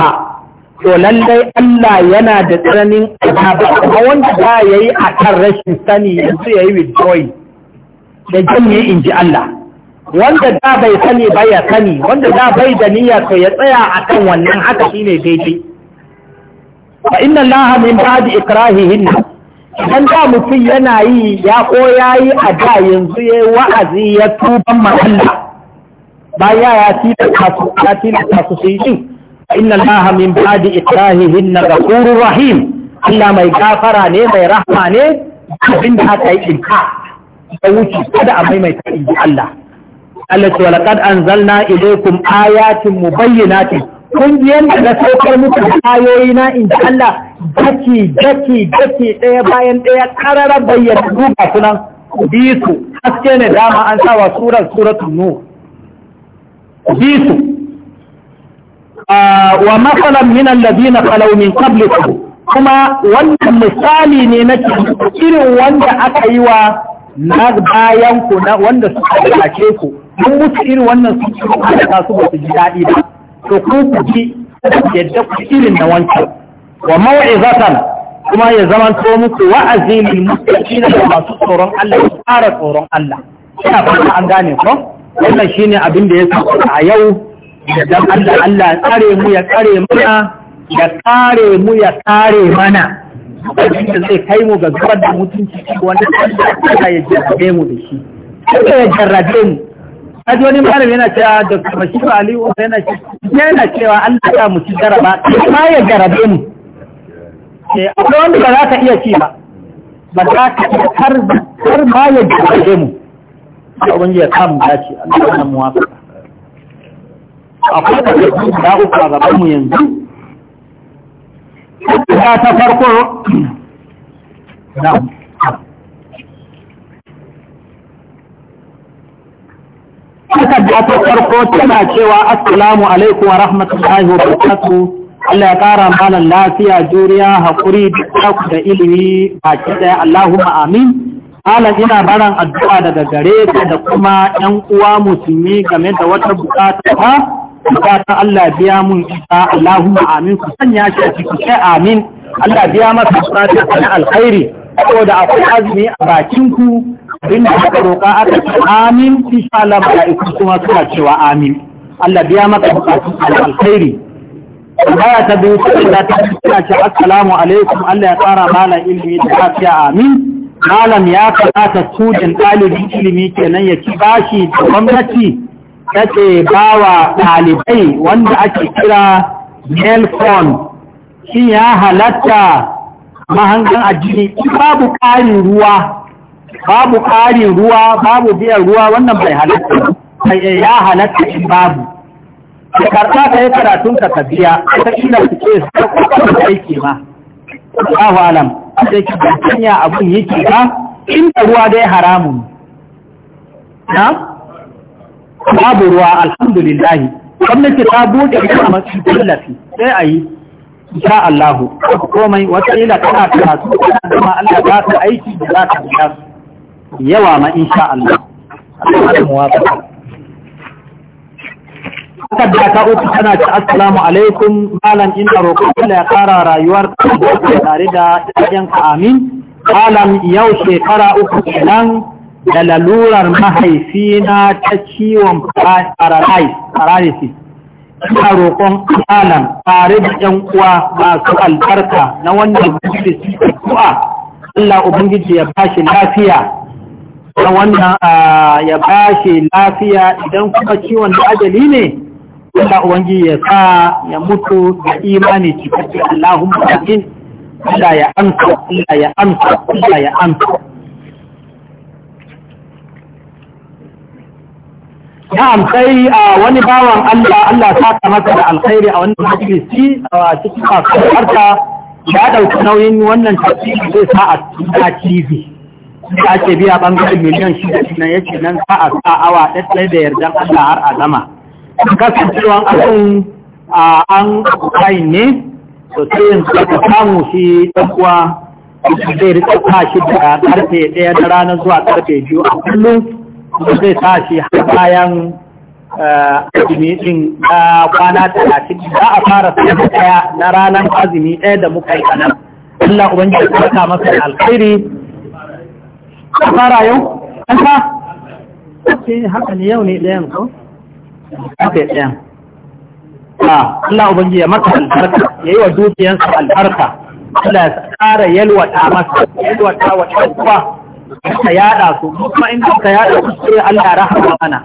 to lallai Allah yana da tsananin azaba kuma wanda ba ya yi a kan rashin sani yanzu ya yi withdrawing da janye in ji Allah wanda da bai sani ba ya sani wanda da bai da niyya to ya tsaya a kan wannan haka shine daidai fa inna Allah min ba'di ikrahihinna idan da mutum yana yi ya koya yi a da yanzu ya yi wa'azi ya tuban mahalla baya ya tilasta su ya tilasta su su yi inna laha min ba'di ikrahihin na ghafurur rahim Allah mai gafara ne mai rahma ne da aka yi inka da wuce kada a maimaita in Allah Allah ce walaqad anzalna mu ayatin mubayyinatin kun ji yanda na saukar muku ayoyi na in Allah daki daki daki ɗaya bayan ɗaya ƙararar bayyana duba sunan bisu haske ne dama an sawa surar suratun nu bisu wa matsalan min alladina khalaw min qablikum kuma wannan misali ne na irin wanda aka yi wa na bayan ku na wanda suka ke ku mun mutu irin wannan su ci su ba su ji daɗi ba to ku ku ji yadda ku irin na wancan wa mawa'izatan kuma ya to muku wa'azi lil muttaqina da masu tsoron Allah su fara tsoron Allah ina fata an gane ko wannan shine abin da ya a yau idan Allah Allah ya tsare mu ya tsare mana ya kare mu ya kare mana abin da zai kai mu ga zubar da mutunci wanda Allah ya jarrabe mu da shi sai ya jarrabe mu kaji wani malam yana cewa Dr. Bashir Ali yana cewa Allah ya mu ci jaraba ma ya jarabe mu eh wanda ba za ka iya ci ba ba za ka har ma ya mu da ya dace mu da da uku a gaban mu yanzu ta ta farko Aka da ta farko tana cewa Assalamu alaikum wa rahmatullahi wa barakatuh Allah ya ƙara mana lafiya juriya haƙuri da da ilimi baki ɗaya Allahumma amin Allah ina baran addu'a daga gare ta da kuma ‘yan uwa musulmi game da wata bukata ta bukata Allah biya mun isa Allahumma amin ku sanya shi a cikin amin Allah biya masa bukata ta na alkhairi saboda akwai azumi a bakin ku da aka roƙa aka ce amin insha Allah mala'iku kuma suna cewa amin Allah biya maka bukatun alkhairi baya ta biyu ta da ta kira ce assalamu alaikum Allah ya tsara malam ilimi da lafiya amin malam ya kamata tudin ɗalibi ilimi kenan ya ci bashi da gwamnati ta ce ba wa ɗalibai wanda ake kira mail phone shi ya halatta mahangan addini babu ƙarin ruwa babu ƙarin ruwa babu biyan ruwa wannan bai halatta ya halatta in babu da karta ka yi karatun ka tafiya ta ina su ce su karɓa aiki ma Allahu alam sai ki ban sanya abun yake ba in da ruwa dai haramun na babu ruwa alhamdulillah gwamnati ta bude ita a matsayin tallafi sai a yi insha Allah komai wata ila kana karatu kana ma Allah za ta aiki da za ta biya yawa ma insha Allah Allah ya muwafaqa da ta uku tana ce assalamu alaikum malam ina roƙon Allah ya ƙara rayuwar da tare da ɗayanka amin malam yau shekara uku kenan da lalurar mahaifina ta ciwon paralysis ina roƙon malam tare da ƴan uwa masu albarka na wannan majalisi addu'a Allah ubangiji ya bashi lafiya wannan ah, ya ba lafiya idan kuma ciwon da ajali ne Allah Ubangiji ya sa ya mutu da imani cikakke Allahumma amin Allah ya amsa Allah ya amsa Allah ya amsa Na'am sai a wani bawan Allah Allah ta kamata da alkhairi a wannan majalisi a cikin kasuwarta ya dauki nauyin wannan tafsiri zai sa a cikin TV da ake biya ɓangaren miliyan shida nan yake nan sa a sa awa ɗaya da yardan Allah har a zama. kasancewa a an kai ne sosai yanzu aka samu shi ɗan'uwa zai rika tashi daga karfe ɗaya na ranar zuwa karfe biyu a kullum kuma zai tashi har bayan eh, azumi ɗin na kwana talatin za a fara sai ɗaya na ranar azumi ɗaya da muka yi a nan Allah ubangiji ya saka masa alkhairi ka fara yau an ka haka ne yau ne ɗayan ko aka yi ɗayan ah, Allah ubangi ya maka albarka ya yi wa dukiyansa albarka Allah ya ƙara yalwata masa yalwata wa ɗan uwa ka yaɗa su kuma in ka yaɗa su sai Allah rahama mana